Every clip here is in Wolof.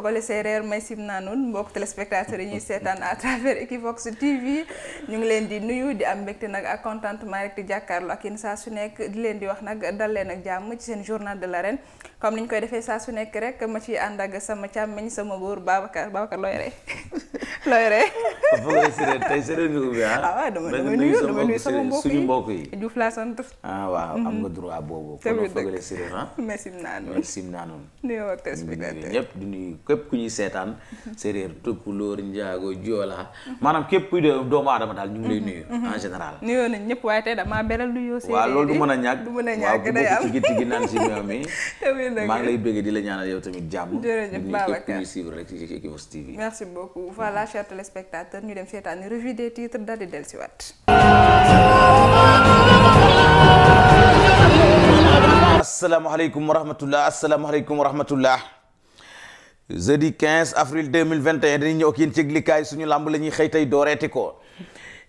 fogole séeréer may sim naa nun mbokk téléspectateurs yi ñuy seetaan à travers Equivox TV ñu ngi leen di nuyu di am mbégte nag ak contentement rek di jàkkaarloo ak yéen saa su nekk di leen di wax nag dal leen ak jàmm ci seen journal de la ren comme ni ñu koy defee saa su nekk rek ma ci ànd ak sama càmmiñ sama góor Babacar Babacar looy rey looy rey. foog nga séeréer tey séeréer nga ko ah. dama nuyu dama nuyu sama mbokk yi suñu mbokk yi. Diouf laa sant. ah waaw am nga droit boobu. tamit dëgg foog nga séeréer ah. merci naanu merci naanu. nuyoo ak téléspectateur ñëpp di nuyu ñuy seetaan. séeréer tukulóor njaago joola. maanaam képp kuy doomu aadama daal ñu ngi lay nuyu. en général nuyoo nañ ñëpp waaye tey damaa beral nuyoo. séeréer yi waaw loolu du mën a ñàkk a ñàkk maa ngi lay di la ñaanal yow tamit jàmm. jërëjëf Babacar ñu suivre rek ci Equivox TV. merci beaucoup chers téléspectateurs ñu dem seetaani revue des titres daal di dellusiwaat. asalaamaaleykum wa rahmatulah asalaamaaleykum wa rahmatulah. jeudi 15 avril 2021 dañuy ñëw ak yéen ci yëglikaay suñu làmb lañuy ñuy xëy tey dooreeti ko.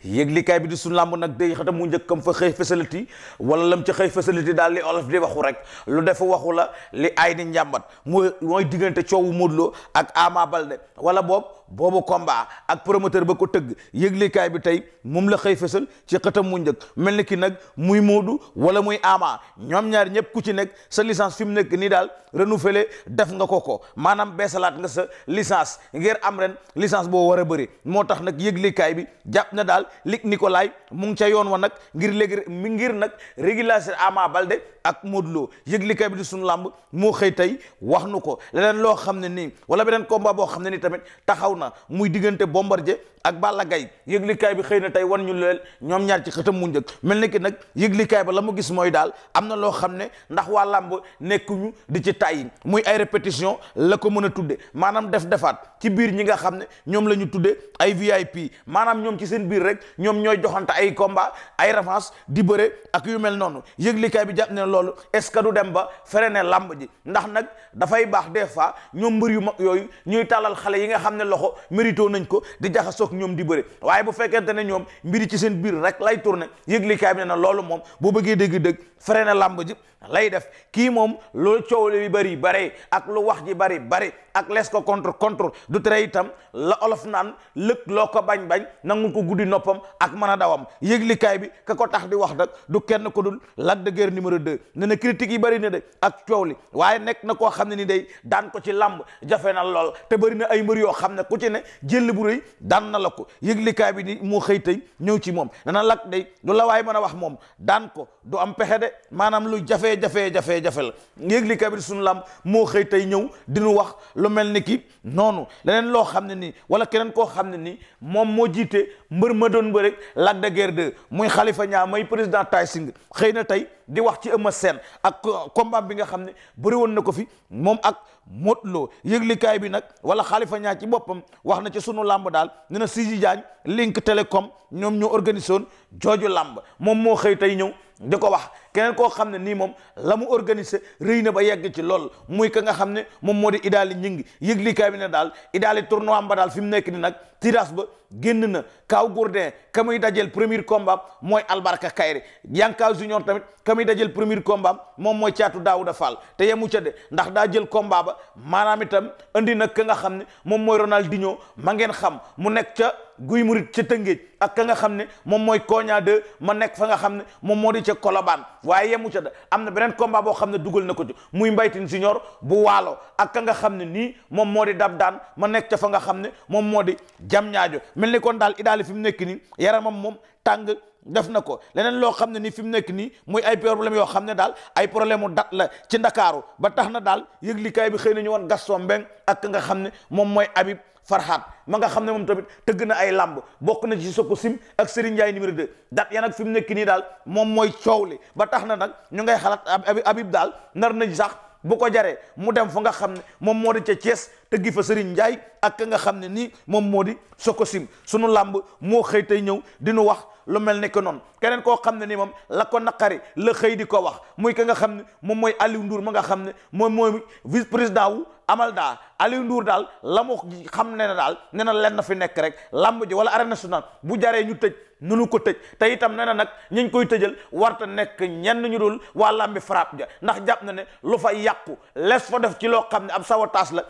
yëglikaay bi di suñu làmb nag day xata mu njëkkam fa xëy fasaliti wala lam ca xëy fasaliti daal li olof di waxu rek lu def waxu la li ay di njàmbat mooy mooy diggante coowu Modou ak Ama Balde wala boobu. boobu combat ak promoteur ba ko tëgg yëglikaay bi tey moom la xëy fësal ci xëtam mu njëkk mel ni ki nag muy Modou wala muy Ama ñoom ñaar ñëpp ku ci nekk sa licence fi mu nekk nii daal renouvelé def nga ko ko maanaam beesalaat nga sa licence ngir am ren licence boo war a bëri moo tax nag yëglikaay bi jàpp na daal lig Nicolay mu ngi ca yoon wa nag ngir léegi ngir nag régulation Ama Balde ak Modou Lo yëglikaay bi di sunu làmb moo xëy tey wax nu ko leneen loo xam ne nii wala beneen combat boo xam ne nii tamit taxaw ma muy diggante Bombardier ak Balla Gaye yëglikaay bi xëy na tey wan ñu leel ñoom ñaar ci xëtam mu njëkk mel nag yëglikaay ba la na loo xam ne ndax waa làmb nekkuñu di ci tàyyi muy ay répétition la ko mën a tudde maanaam def defaat ci biir ñi nga xam ne ñoom la ñu tudde ay VIP maanaam ñoom ci seen biir rek ñoom ñooy joxante ay combat ay revanche di bëre ak yu mel noonu yëglikaay bi jàpp ne loolu est ce que du dem ba freiné làmb ji ndax nag dafay baax des fois ñoom mbër yu mag yooyu ñuy tàllal xale yi nga xam ne loxo ko mérito nañ ko di jaxasoog ñoom di bëre waaye bu fekkente ne ñoom mbiri ci seen biir rek lay tourné yëglikaay bi ne na loolu moom boo bëggee dégg-dëgg fere na làmb ji lay def kii moom loolu coow li bëri ak lu wax ji bëri bare ak lees ko la olof naan lëkk loo ko bañ-bañ nangul ko guddi noppam ak mën dawam yëglikaay bi ka ko tax di wax nag du kenn ko dul Lac de Guiers na de ak coow li waaye nekk na koo xam ne ni day daan ko ci làmb jafe na lool te bëri na ay mbër yoo xam ne ku ci ne jël bu rëy daan na la ko yëglikaay bi ni moo xëy tey ñëw ci moom dana lak day du la waaye mën a wax moom daan ko du am pexe de maanaam lu jafe-jafe-jafe-jafe la yëglikaay bi suñu lam moo xëy tey ñëw dinu wax lu mel ni ki noonu leneen loo xam ne nii wala keneen koo xam ne nii moom moo jiite mbër ma doon bëre Lac de Guiers 2 muy Khalifa Niang may président Tyson xëy na tey di wax ci Eumeu Sène ak combat bi nga xam ne bëri woon na ko fi moom Modou Lo yëglikaay bi nag wala xaalifa ñaa ci boppam wax na ci sunu làmb daal ne na Sidi Diagne Link Télécom ñoom ñoo organisé woon jooju làmb moom moo xëy tey ñëw di ko wax keneen koo xam ne nii moom la mu organisé rëy na ba yegg ci lool muy ka nga xam ne moom moo di idaali ñingi yëglikaay bi ne daal idaali tournoi ba daal fi mu nekk ni nag ba génn na Kaaw Gourdin ka muy dajel premier combat mooy Albarka Kayre Yankaw Junior tamit ka muy dajel premier moom mooy caatu Daouda Fall te yemu ca de ndax daa jël combat ba maanaam itam andi nag ka nga xam ne moom mooy Ronaldinho ma ngeen xam mu nekk ca guy murit ca Tëngéej ak ka nga xam ne moom mooy Koña 2 ma nekk fa nga xam ne moom moo di ca Kolobaan waaye yemu ca da am na beneen combat boo xam ne dugal na ko ci muy mbaytin junior bu waalo ak ka nga xam ne nii moom moo di dab daan ma nekk ca fa nga xam ne moom moo di jam ñaajo mel ni kon daal idaali fi mu nekk nii yaramam moom tàng def na ko leneen loo xam ne nii fi mu nekk nii muy ay problème yoo xam ne daal ay problème mu dat la ci ndakaaru ba tax na daal yëglikaay bi xëy na ñu woon Gaston Mbengue ak nga xam ne moom mooy Habib farxaat ma nga xam ne moom tamit tëgg na ay làmb bokk na ci soko sim ak Serigne Ndiaye numéro 2 dat ya nag fi mu nekk nii daal moom mooy coow li ba tax na nag ñu ngay xalaat Habib daal nar nañ sax bu ko jaree mu dem fa nga xam ne moom moo de ca Thiès tëggi fa Serigne Ndiaye ak ka nga xam ne nii moom moo di soo ko Sokosim sunu làmb moo xëy tey ñëw di nu wax lu mel ne que noonu keneen koo xam ne ni moom la ko naqari la xëy di ko wax muy ka nga xam ne moom mooy Aliou Ndour ma nga xam ne moom mooy vice président wu amal daa Aliou Ndour daal la mu xam ne na daal ne na lenn fi nekk rek làmb ji wala arène nationale bu jaree ñu tëj nunu ko tëj te itam ne na nag ñiñ koy tëjal warta nekk ñenn ñu dul waa làmbi frappe ja ndax jàpp na ne lu fa yàqu les fa def ci loo xam ne ab sabotage la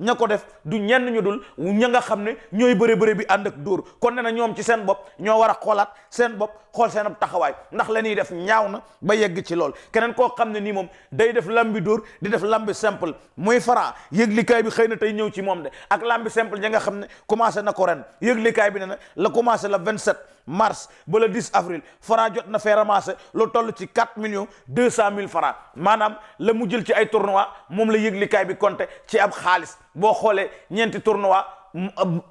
ña ko def du ñenn ñu dul ña nga xam ne ñooy bëre bëre bi ànd ak dóor kon ne na ñoom ci seen bopp ñoo war a xoolaat seen bopp xool seen taxawaay ndax la ñuy def ñaaw na ba yegg ci lool keneen koo xam ne nii moom day def lambi dóor di def lambi simple muy fara likaay bi xëy na tey ñëw ci moom de ak lambi simple ña nga xam ne commencé na ko ren yëglikaay bi ne na la commencé la 27 mars ba le 10 avril fara jot na fee ramassé lu toll ci 4 millions cent mille francs maanaam la mu jël ci ay tournoi moom la yëglikaay bi compté ci ab xaalis boo xoolee ñeenti tournoi Euh,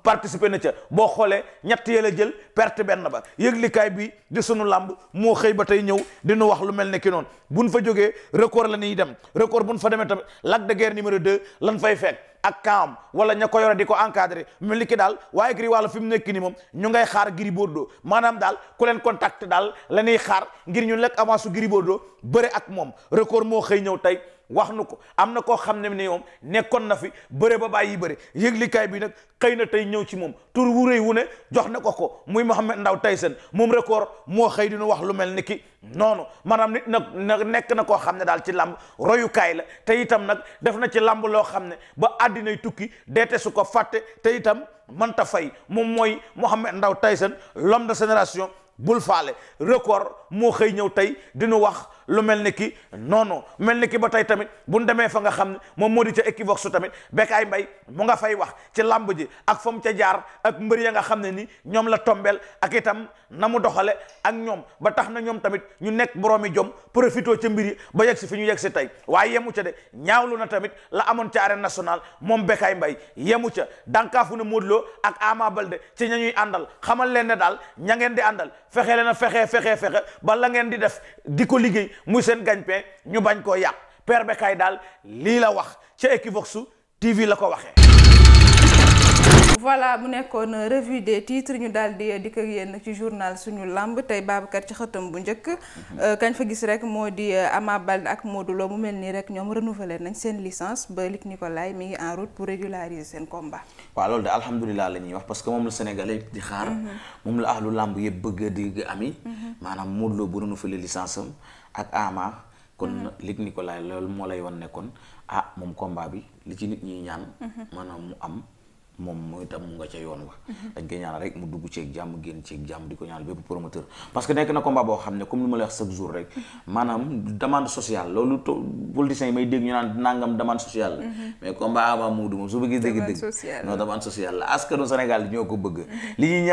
participer na ca boo xoolee ñett yee la jël perte benn ba yëglikaay bi di sunu làmb moo xëy ba tey ñëw dinu wax lu mel ne ki noonu buñ fa jógee record la ñuy dem record buñ fa demee tamit Lac de Guiers numéro 2 lan fay fekk ak kaam wala ña ko yore di ko encadré mel ni ki daal waaye Gris wàllu fi mu nekk nii moom ñu ngay xaar Gris Bordeaux maanaam daal ku leen contact daal la ñuy xaar ngir ñu lekk avance su Gris Bordeaux bëre ak moom record moo xëy ñëw tey wax nu ko am na koo xam ne ni nekkoon na fi bëre ba bàyyi bëre yëglikaay bii nag xëy na tey ñëw ci moom tur wu rëy wu ne jox na ko ko muy Mohamed Ndaw Tyson moom record moo xëy dinu wax lu mel ni ki noonu maanaam nit nag nag nekk na koo xam ne daal ci làmb royukaay la te itam nag def na ci làmb loo xam ne ba àddinay tukki deete ko fàtte te itam mënta fay moom mooy Mohamed Ndaw Tyson l'homme de génération bul faale record moo xëy ñëw tey dinu wax lu mel ni ki noonu mel ni ki ba tey tamit bu ñu demee fa nga xam ne moom moo di ca Equivox su tamit Bécaye mbay mu nga fay wax ci làmb ji ak fa mu ca jaar ak mbër ya nga xam ne ni ñoom la tombeel ak itam na mu doxale ak ñoom ba tax na ñoom tamit ñu nekk boroomi jom profité ca mbir yi ba yegg si fi ñu yegg si tey waaye yemu ca de ñaawlu na tamit la amoon ca arène national moom Bécaye mbay yemu ca dànkaafu na Modou ak Ama Baldé ci ña ñuy àndal xamal leen ne daal ña ngeen di àndal fexe leen a fexe fexe fexe ba la ngeen di def di ko liggéey muy seen gagne-pain ñu bañ koo yàq Père Bécaye daal lii la wax ca Equivox TV la ko waxee. voilà bu nekkoon revue des ñu daal di di ko yéen ci journal suñu lamb tey Babacar ci xëtam bu njëkk euh, kañ fa gis rek moo di euh, Ama Baldé ak Modou loo mu mel nii rek ñoom renouveler nañ seen licence ba Luc Nicolaï mi ngi en route pour régulariser seen combat. waaw loolu de alhamdulilah la ñuy wax parce que moom la Sénégalais di xaar. Mhm. moom la ahlu lamb yëpp bëgg di ami. Mhm. maanaam Modou ak Ama. kon mhm. Luc Nicolaï loolu moo lay wan nekkoon ah moom combat bi li ci nit ñi ñaan. Mhm. maanaam mu am. moom mooy tam mu nga ca yoon wa dañ koy ñaanal rek mu dugg ceeg jàmm génn ceeg jàmm di ko ñaanal bépp promoteur parce que nekk na combat boo xam ne comme lu mhm. loolu politiciens yi may dégg ñu naan nangam mhm. mais combat avant Modou moom su bëggee dégg dégg non demande sociale la askanu Sénégal ñoo ko bëgg mhm. li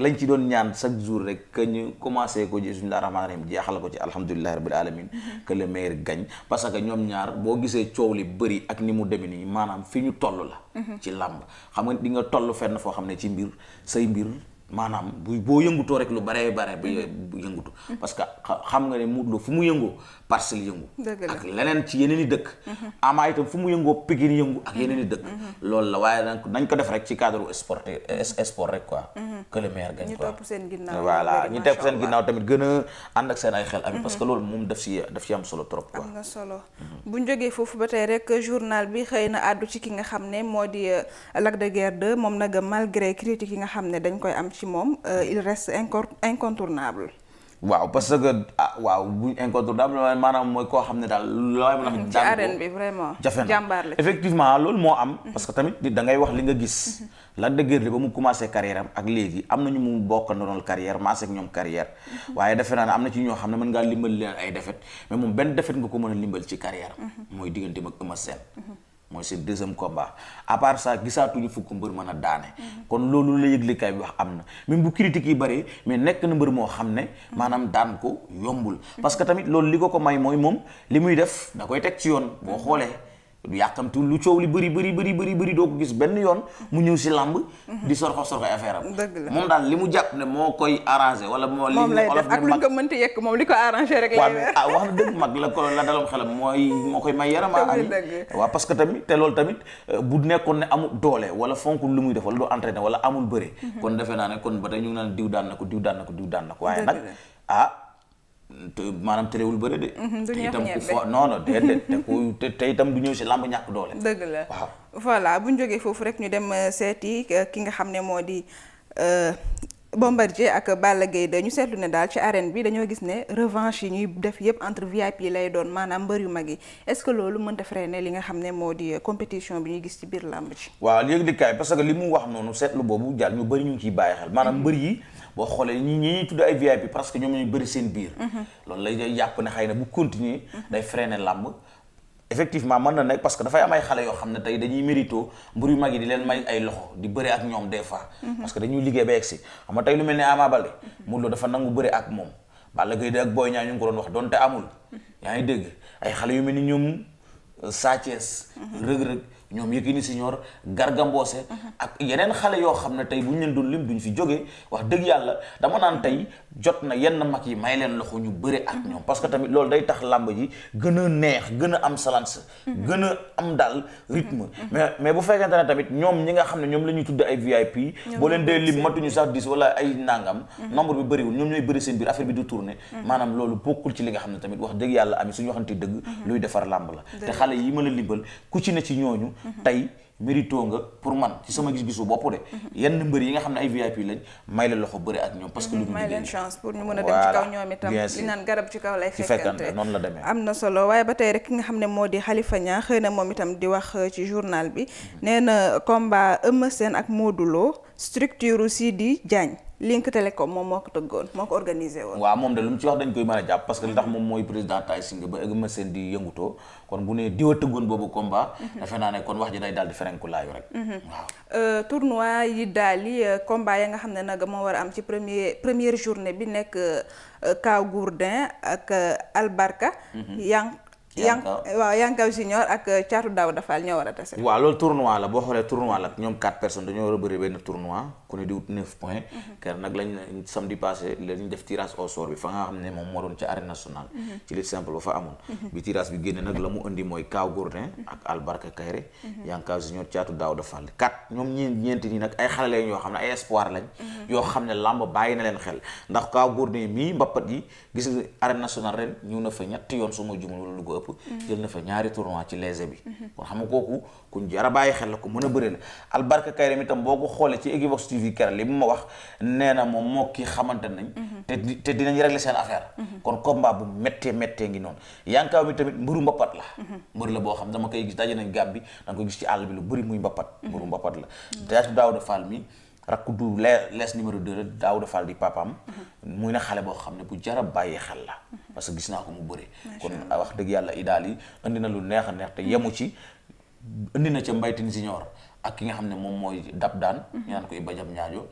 lañ ci doon ñaan chaque jour rek que ñu commencé ko bismillah rahmaan rahim jeexal ko ci alhamdulillahi rabbil alamin que le meilleur gagne parce que ñoom ñaar boo gisee coow li bëri ak ni mu demee nii maanaam fi ñu toll la ci làmb xam nga di nga toll fenn foo xam ne ci mbir say mbir maanaam bu boo yëngutoo rek lu baree bare bu yëngutu mm-hmm. parce que xam nga ne Modou Lo fu mu yëngoo parcelle yëngu ak leneen ci yeneen i dëkk mm-hmm. Ama itam fu mu yëngoo Pikine yëngu ak yeneen i dëkk mm-hmm. loolu la waaye nañ def rek ci cadre sport sport rek quoi que le meilleur gagne quoi voilà ñu topp seen a ànd ay xel ami parce que loolu moom daf si am solo trop quoi bu ñu foofu ba tey rek journal bi xëy na àddu ci ki nga xam ne moo di euh, Lac moom nag malgré critique yi ci moom euh, il reste incontournable waaw parce que ah waaw buñ incontournable maanaam mooy koo xam ne daal looy mën a jafe jàmbaar la effectivement loolu moo am mhm. parce que tamit nit da ngay wax li nga gis mhm. Lac de Guiers ba mu commencé carrière ak léegi am na ñu mu bokk na doon carrière maase ak ñoom carrière mhm. waaye defe naa ne am na ci ñoo xam ne mën ngaa limbal leen ay défaite mais moom benn défaite nga ko mën a limbal ci carrière am mooy digganteem ak Eumeu Sène mooy seen deuxième combat à part ça gisaatuñu fukk mbër mën a daane kon loolu la yëglikaay bi wax am na même bu critiques yi bëree mais nekk na mbër moo xam ne maanaam daan ko yombul parce que tamit loolu li ko ko may mooy moom li muy def da koy teg ci yoon boo xoolee du yàkkamti lu coow li bëri bëri bëri bëri bëri doo ko gis benn yoon mu ñëw si làmb di sorxo sorxo affaire am moom daal li mu jàpp ne moo koy arrangé wala moo li olof ak lu yekk moom li ko arrangé rek lay ah, wax na dëgg mag la ko la dalam xelam mooy moo koy may yaram ah, ali waa parce que tamit te loolu tamit euh, bu nekkoon ne amul doole wala fonk lu muy def wala doo entraîné wala amul bëre mhm. kon defe naa ne kon ba tey ñu naan diw daan na ko diw daan na ko diw daan na ko waaye nag ah maanaam telewul bëre de. Mhm, du ñëw ñebe te itam non non déedéet te itam du ñëw si làmb ñàkk doole. dëgg la waaw. voilà bu ñu jógee foofu rek ñu dem euh, seeti euh, ki nga xam ne moo di euh, Bombardier ak Balla Gaye de ñu seetlu ne daal ci arène bi dañoo gis ne revanche yi ñuy def yépp entre VIP yi lay doon maanaam mbër yu mag yi est-ce que loolu mën a freiné li nga xam ne moo di compétition bi ñuy gis ci biir làmb ci. waaw léegi di kaay parce que li mu wax noonu seetlu boobu jàll ñu bëri ñu ngi mhm. mbër yi. boo xoolee ñi ñi tudd ay VIP parce que ñoom ñooy bëri seen biir. Mhm. loolu lay yàpp ne xay na bu continuer day freiner làmb. effectivement mën na nekk parce que dafay am ay xale yoo xam ne tey dañuy mérito mbir yu mag yi di leen may ay loxo di bëri ak ñoom des fois. Mhm. parce que dañuy liggéey ba egsi xam nga tey lu mel ni Ama Baldé. Mhm. Modou Lô dafa nangu bëri ak moom. Balla Gaye ak Boy Niang ñu ngi ko doon wax donte amul. yaa ngi dégg ay xale yu mel ni ñoom euh, Sa Thiès. ñoom Yékini Senior Garga Mbossé ak yeneen xale yoo xam ne tey bu leen doon lim duñ fi jógee wax dëgg yàlla dama naan tey jot na yenn mag yi may leen loxo ñu bëre mhm. ñoom parce que tamit loolu tax làmb ji gën a neex gën a am salance mhm. gën a am daal rythme mhm. mais mais bu fekkente ne ñi nga xam ne ñoom la ñuy tudde ay VIP boo leen dee lim matuñu sax dix wala ay nangam nombre bi bëriwul ñoom ñooy bëri seen biir affaire bi du tourner maanaam loolu bokkul ci li nga xam ne tamit wax dëgg yàlla am ami suñu waxante dëgg luy defar làmb la te xale yi ma la limbal ku ci ne ci ñooñu Mhm. tey mérito nga pour man ci sama gis-gisu bopp de mhm. yenn mbër yi nga xam ne ay VIP lañ may la loxo bëri ak ñoom parce que lu mhm. may leen chance pour ñu mën a dem ci kaw ñoom itam li naan garab ci kaw lay fekkante noonu la demee am na solo waaye ba tey rek ki nga xam ne moo di Khalifa Niang xëy na moom itam di wax euh, ci journal bi nee na combat Eumeu Sène ak Modou Lo structure di jaañ Link Télécom moom moo ko tëggoon moo ko organisé woon. waaw moom de lu mu ci wax dañ koy mën a jàpp parce que li tax moom mooy président Tay Shinger ba Eumeu Sène di yëngutoo kon bu ne diwa tëggoon boobu combat. Mhm. defe naa ne kon wax ji day daal di ferenku laayu rek. Mhm. waaw euh, tournoi yi daal di euh, combat nga xam ne nag moo war a am ci premier première journée bi nekk euh, Kaw Gourdin ak Albarka. Mhm. yang yang waaw Yankaw Junior ak Thiatou Daouda Fall ñoo war a tase. waaw loolu tournoi la boo xoolee tournoi la ñoom quatre personnes dañoo war a bëri benn tournoi. ku ne di wut neuf points mhm. ker mhm. mhm. nag la mu indi mooy Kaw Gourdin ak Albarka Kayre Yankaw Junior Caatu Daawda Fall kat ñoom ñeen ñeenti nii nag ay xale lañ xam ne ay espoir lañ yoo xam ne làmb bàyyi na leen xel ndax Kaw Gourdin mii mbappat yi gis nga arène nationale ñëw na fa ñetti yoon su ma lu ko ëpp jël na fa ñaari tournoi ci léger bi kon xam kooku kuñ jara xel la ko mën a bëre la Albarka Kayre mi tam boo ko xoolee ci Equivox li mu ma wax nee na moom moo kii xamante nañ. Mhm. te di te dinañ régler seen affaire. Mhm. kon combat bu méttee méttee ngi noonu. yankaaw mi tamit mburu mbapat la. Mhm. mbër la boo xam dama koy gis daje nañ da nga koy gis ci àll bi lu bëri muy mbapat. mburu mbapat la daaj Daouda Fall mi. rakku du lees lees numéro 2 Daouda Fall di papaam. muy na xale boo xam ne bu jar a bàyyi xel la. parce gis naa ko mu bëre. kon wax dëgg yàlla idaal yi indi na lu neex a neex te yemu ci. indi na ca mbaytin junior ak ki nga xam ne moom mooy dab daan mhm. ñu naan koy bajam ñaajo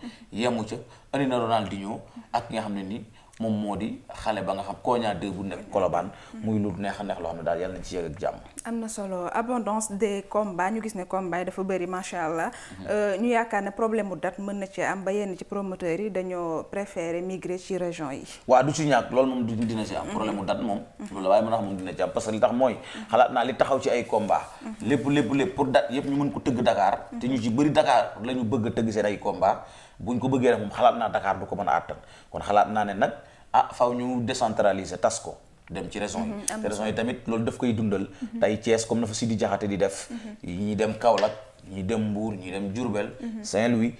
yemu ca indi na Ronaldinho ak ki nga xam ne nii moom moo di xale ba nga xam Konia 2 bu nekk Colobane muy lu neex a neex loo xam ne daal yàlla na ci yegg ak jàmm am na solo abondance des combats ñu gis ne combat yi dafa bari macha allah mhm. euh, ñu yaakaar ne problème mu date mën na ci am ba yenn ci promoteurs yi dañoo préférer migrer ci région yi waaw du ci ñàkk loolu moom dina ci am mhm. problème mu date moom mhm. a xam moom dina ci am li tax mooy xalaat naa li taxaw ci ay combat lépp lépp lépp pour date yëpp ñu mën ko tëgg dakaar te ñu ci bëri Dakar la ñu bëgg a tëgg seen ay combat buñ ko bëggee rek moom xalaat naa Dakar du ko mën a àttan kon naa ne nag ah faw ñu décentraliser tas ko dem ci raison yi mm-hmm, te raison yi tamit loolu daf koy dundal mm-hmm. tey Thiès comme na fa Sidi Diakhaté di def yi mm-hmm. ñi dem Kaolack ñi dem mbuur ñi dem Diourbel Saint-Louis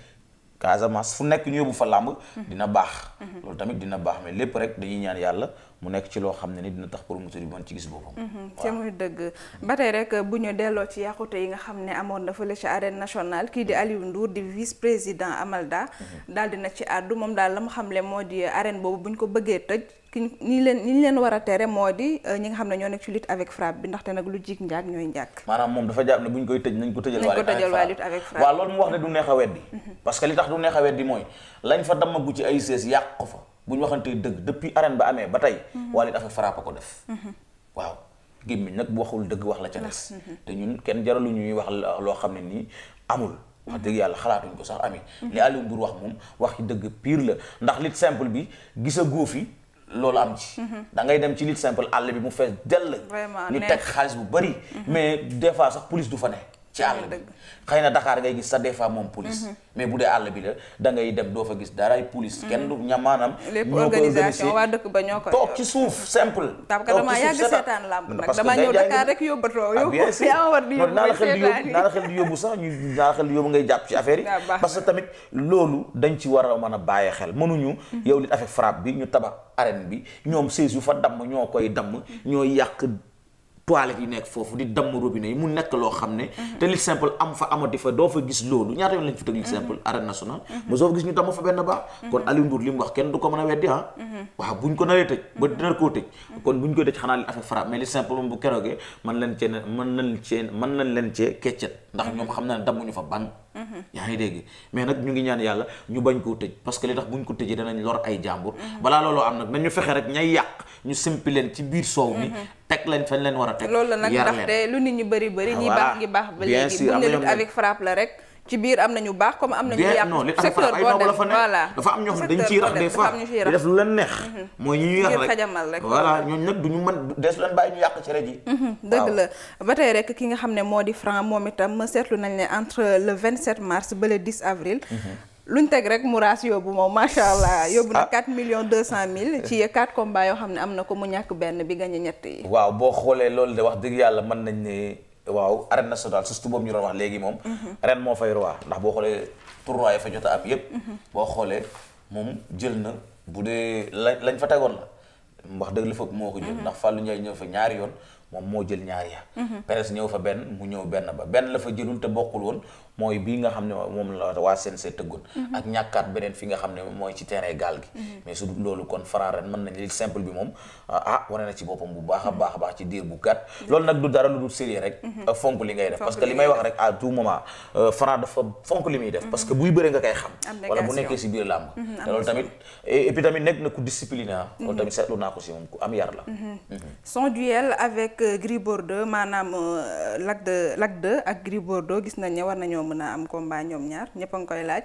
Casamance fu nekk ñu yóbbu fa làmb dina baax loolu tamit dina baax mais lépp rek dañuy ñaan yàlla mu nekk ci loo xam ne ni dina tax promoteur bi mën ci gis boppam. waaw mhm, c'est muy dëgg ba tey bu ñu delloo ci yàqute yi nga xam ne amoon na fële ci arène nationale kii di mhm. Aliou Ndour di vice président Amalda. Mhm. daal dina moo di arène boobu bu ñu ko bëggee tëj. ki ni leen ni leen war a moo di euh, xam ne ñoo nekk ci lutte moom dafa jàpp ne bu ñu koy tëj nañ ko tëjal waa loolu mu wax ne du neex a weddi parce que li tax du neex a weddi mooy lañ fa damagu ci ay sees yàq ko fa bu ñu waxantee dëgg depuis arène ba amee ba tey. Mhm. Wally dafa frappe ko def. Mhm. waaw gémmiñ nag bu waxul dëgg wax la ca des. Mhm. te ñun kenn jaralu ñuy wax loo xam ne nii amul. wax dëgg yàlla xalaatuñ ko sax amee. li Aliou Mbour wax moom dëgg pire la ndax simple bi gisa góo fi loolu am ci. da ngay dem ci lit simple àll bi mu fees dell. ni teg xaalis bu bari. mais des fois sax police du fa ne. ci àll bi xëy na Dakar ngay gis sa des fois moom police mhm. mais bu dee àll bi la da ngay dem doo fa gis daray police kenn du mhm. ña maanaam lépp organisation waa dëkk ba ñoo ko toog ci suuf simple parce que dama yàgg ah, sax ñu naa la xel di yóbbu ngay jàpp ci affaire yi ah, parce que loolu dañ ci war a a bàyyi xel mënuñu mhm. yow li affaire frappe bi ñu tabax arène bi ñoom seize yu fa damm ñoo koy damm ñooy yàq toilettes yi nekk foofu di damm robinet yi mu nekk loo xam ne mhm. te li simple am fa amati doo fa gis loolu ñaata yoon lañ fi teg mhm. mhm. li mu wax kenn du ko a na ne dammuñu fa ban yaa ngi dégg mais nag ñu ngi ñaan yàlla ñu bañ koo tëj parce li tax buñ ko tëjee danañ lor ay jàmbur balaa looloo am nag nañu fexe rek ñay yàq ñu simpi leen ci biir soow mi mhm. teg leen fañ leen war a teg loolu la nag ndaxte lu nit ñu bëri bëri ñi baax ngi baax ba léegi bu ne rek ci biir am nañu baax comme am nañu yàq non li tax frappe ay noobu la fa nekk dafa def lu leen mhm. ñu yar rek voilà ñooñu nag duñu mën bàyyi ñu yàq ci rek yi dëgg la ba rek ki nga xam ne moo di franc moom itam ma seetlu nañ ne entre le 27 mars ba le 10 avril mhm. luñ teg rek mu raas yóbbu moom macha allah ah. yóbbu na million millions cent mille ci 4 combats yoo xam ne am na ko mu ñàkk benn bi gagné ñett yi. waaw boo xoolee loolu de wax dëgg yàlla mën nañ ne waaw arène nationale surtout boobu ñu doon wax léegi moom. Mhm. ren moo fay roi ndax boo xoolee tournoi yi fa jot a am yépp mhm. boo xoolee moom jël na bu dee lañ fa tegoon la wax dëgg la foog moo ko jël. Mhm. ndax Fallou Ndiaye ñëw fa ñaari yoon. moom moo jël ñaar ya mhm. peres ñëw fa benn mu ñëw benn ba benn la fa jëlul te bokkul woon mooy bii nga xam ne moom la waa CNG tëggoon mhm. ak ñàkkaat beneen fi nga xam ne mooy ci terrain gaal gi mhm. mais su dul loolu kon Franc ren mën nañ li simple bi moom ah, ah wane na ci boppam bu baax a baax a baax ci diir bu gàtt loolu nag du dara lu dul sérieux rek euh, fonk li ngay def parce que li may wax rek à tout moment euh, Franc dafa fonk li muy def parce que buy bëre bu nekkee si biir làmb te loolu tamit et puis na ah. ko si moom ku am yar la son ak Gris Bordeaux maanaam euh, Lac de Lac 2 ak Gris Bordeaux gis nañ ne war nañoo mën a am combat ñoom ñaar ñëpp a ngi koy laaj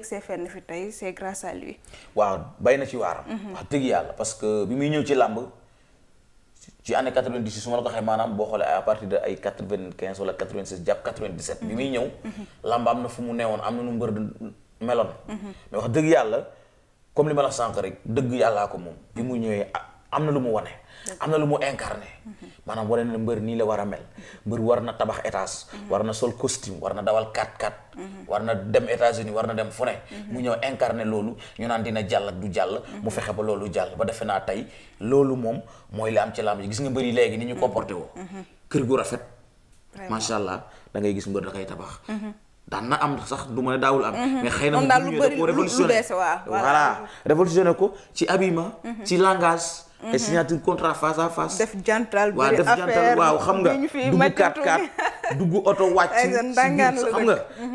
see fenn fi tey c'est grâce à waaw bay na ci waaram. Mhm. wax dëgg yàlla parce bi muy ñëw ci làmb ci année 90 su ma la ko waxee maanaam boo xoolee à partir de ay 95 mhm. mhm. wax dëgg yàlla comme li ma la sànq rek dëgg yàllaa ko moom bi mu ñëwee ah, am na lu mu wane. am na lu mu incarné. Mhm. maanaam wane na mbër nii la war a mel. mbër war na tabax étage. Mhm. war na sol costume war na dawal 4-4. Mhm. war na dem États-Unis war na dem fu mu ñëw incarné loolu ñu naan dina jàll ak du jàll. mu fexe ba loolu jàll ba defe naa tey loolu moom mooy li am ci làmb ji gis nga mbër yi léegi ni ñu comporté woo. kër gu rafet. macha allah da ngay gis mbër da koy tabax. daan na am sax du ma ne daawul am. mais xëy na moom daal lu ko ci abima ci langage. ay signature contrat face à face. def jantal waaw def jantal waaw xam nga dugg kat kat dugg xam nga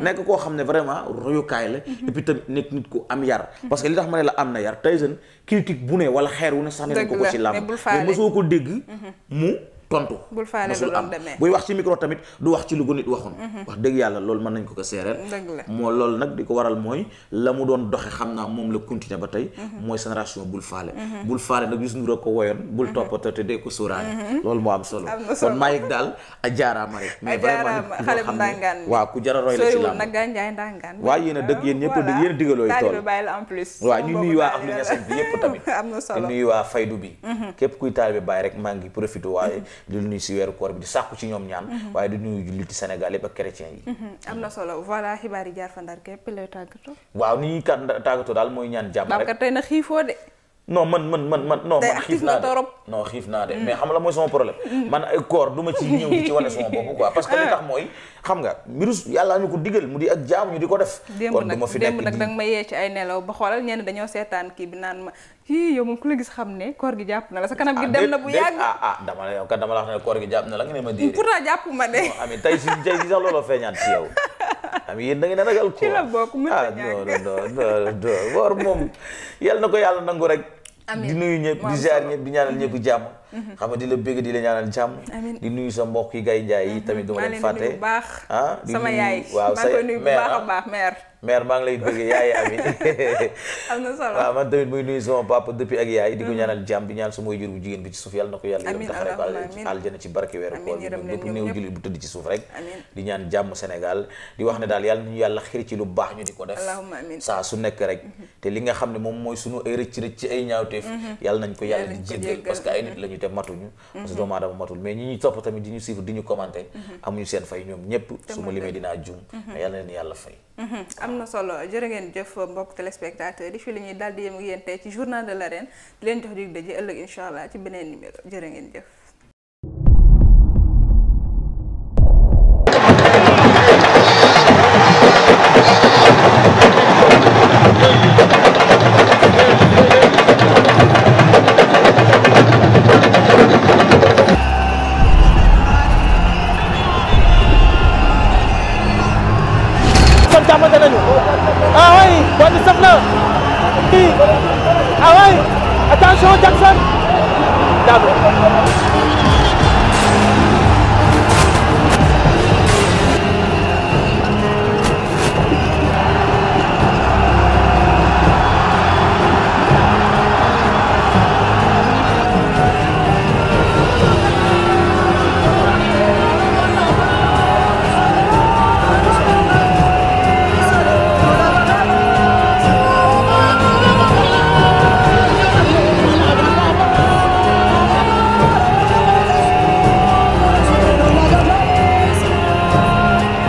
nekk koo xam ne vraiment royukaay la. et puis tamit nekk nit ku am yar. parce que li tax ma ne la am na yar Tyson critique bu ne wala xeer wu ne sax ne ko ko ci làmb mais mosoo ko dégg mhm. mu. tontu. bul faale lu doon demee buy wax ci micro tamit du wax ci lu ko nit mhm. ko ko moo la mu doon doxe xam naa moom la continuer ba tey. Mhm. mooy génération bul faale. Mhm. bul faale nag Youssou Ndour ko ko sóoraale. loolu am solo kon a jaaraama rek. mais vraiment xale bu ndàngaan bi waaw ku a roy la ci a dëgg a digalooy tool waaw ñu nuyu waa Ahlu Ñaseen bi yëpp tamit. am na solo nuyu waa Faydu bi képp kuy taalibe Baay rek maa ngi profité waaye di nuyu si weeru koor bi di sàkku ci ñoom ñaan mhm. waaye di nuyu julliti Sénégal yëpp ak yi mhm. am na solo voilà xibaar yi jaar fa ndar képp lay tàggatoo waaw ni ñuy tàggatoo daal mooy ñaan jàmm rek tey na xiifoo de non man man man man non man xiif naa de no xiif naa de mais xam la mooy sama problème man ay koor du ma ci ñëw di ci wane sama bopp quoi parce que li tax mooy xam nga mirus yàlla ñu ko digal mu di ak jaam ñu di ko def kon du ma fi nekk démb nag danga ma yee ci ay nelaw ba xoolal ñenn dañoo seetaan kii bi naan ma yii yow moom ku la gis xam ne koor gi jàpp na la sa kanam gi ah, dem na bu yàgg ah ah dama la yow kat dama la wax ne koor gi jàpp na la nga ne ma déedéet pourtant jàpp ma de ami tey si tey si yow am yéen da ngeen a ragal ko ci la bokk mën na ah, ñàkk ah non non non non woor moom yal na ko yàlla nangu rek. amiin di nuyu ñëpp di ziar ñëpp di ñaanal ñëpp jàmm. xam nga di la bëgg di la ñaanal jàmm di nuyu sa mbokk yi gay njaay yi tamit duma leen fàtte ah sama waaw bu baax a baax mère mère maa ngi lay bëggee yaay ami am na solo waaw man tamit muy nuyu sama mm-hmm. jigéen bi ci suuf yàlla ko yàlla yërëm ci barke weeru koor bi ñëpp néew jullit ci suuf rek di ñaan jàmm Sénégal di wax ne daal yàlla ñu yàlla xir ci baax ñu di ko def saa su nekk rek mm-hmm. te li nga xam ne moom mooy sunu ay rëcc rëcc ci ay ñaawteef mm-hmm. yàlla nañ ko yàlla di jéggal parce que ay nit la ñu matuñu parce que mhm. doomu aadama matul mais ñi ñuy topp tamit ñu suivre di ñu commenter mhm. amuñu seen fay ñoom ñépp su ma limee dinaa jum mais mhm. yàlla leen yàlla fay am na solo jërë ngeen jëf mbokk téléspectateurs yi fii la ñuy daal di yem tey ci journal de l'arène di leen jox dig daje ëllëg incha allah ci beneen numéro jërë ngeen jëf